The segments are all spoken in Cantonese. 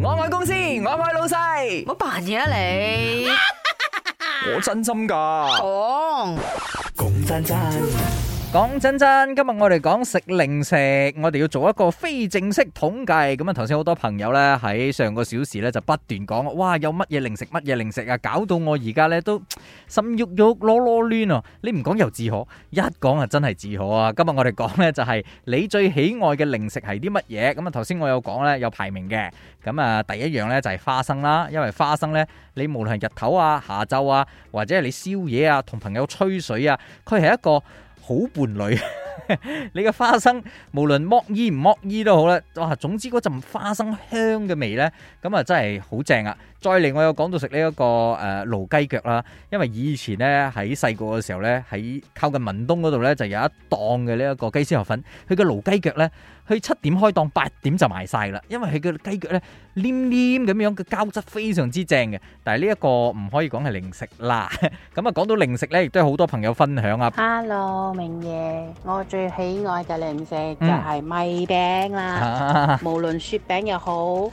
我愛公司，我愛老細， 我扮嘢啊你！我真心㗎，哦，講真真。講真真，今日我哋講食零食，我哋要做一個非正式統計。咁啊，頭先好多朋友呢喺上個小時呢就不斷講哇，有乜嘢零食，乜嘢零食啊，搞到我而家呢都心郁郁、囉囉攣啊。你唔講又自可，一講啊真係自可啊。今日我哋講呢就係你最喜愛嘅零食係啲乜嘢？咁啊，頭先我有講呢有排名嘅。咁啊，第一樣呢就係花生啦，因為花生呢，你無論係日頭啊、下晝啊，或者係你宵夜啊、同朋友吹水啊，佢係一個。好伴侶， 你嘅花生無論剝衣唔剝衣都好啦，哇！總之嗰陣花生香嘅味呢，咁啊真係好正啊！再嚟我又講到食呢一個誒滷、呃、雞腳啦，因為以前呢喺細個嘅時候呢，喺靠近文東嗰度呢，就有一檔嘅呢一個雞絲河粉，佢嘅滷雞腳呢。佢七點開檔，八點就賣晒啦，因為佢嘅雞腳咧黏黏咁樣，個膠質非常之正嘅。但係呢一個唔可以講係零食啦。咁啊，講到零食咧，亦都有好多朋友分享啊。Hello，明爺，我最喜愛嘅零食就係米餅啦、啊，嗯、 無論雪餅又好，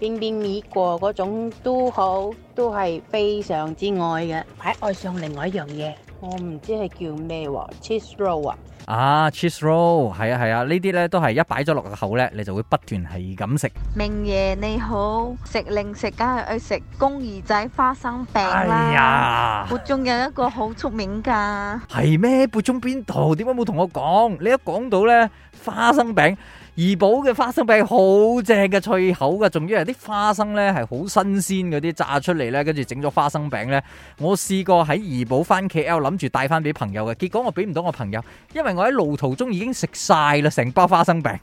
邊邊米過嗰種都好，都係非常之愛嘅。喺愛上另外一樣嘢，我唔知係叫咩喎、啊，cheese roll 啊。啊，cheese roll，係啊係啊，啊呢啲咧都係一擺咗落個口咧，你就會不斷係咁食。明爺你好，食零食梗係去食公魚仔花生餅啦。我、哎、呀中有一個好出名噶。係咩？ 中有有我中邊度？點解冇同我講？你一講到咧花生餅。怡保嘅花生餅好正嘅脆口嘅，仲要係啲花生呢係好新鮮嗰啲炸出嚟呢，跟住整咗花生餅呢。我試過喺怡保返 KL 諗住帶翻俾朋友嘅，結果我俾唔到我朋友，因為我喺路途中已經食晒啦成包花生餅。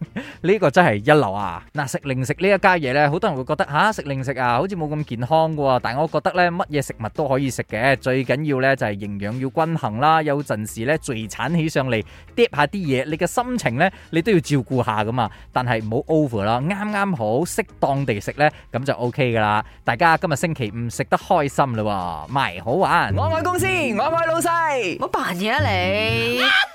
呢個真係一流啊！嗱、啊，食零食呢一家嘢呢，好多人會覺得吓、啊，食零食啊，好似冇咁健康喎、啊。但係我覺得呢，乜嘢食物都可以食嘅，最緊要呢，就係、是、營養要均衡啦。有陣時呢，聚餐起上嚟，跌下啲嘢，你嘅心情呢，你都要照顧下噶嘛。但係唔好 over 啦，啱啱好適當地食呢，咁就 OK 噶啦。大家今日星期五食得開心嘞喎，咪好玩！我愛公司，我愛老細，我扮嘢呀你。啊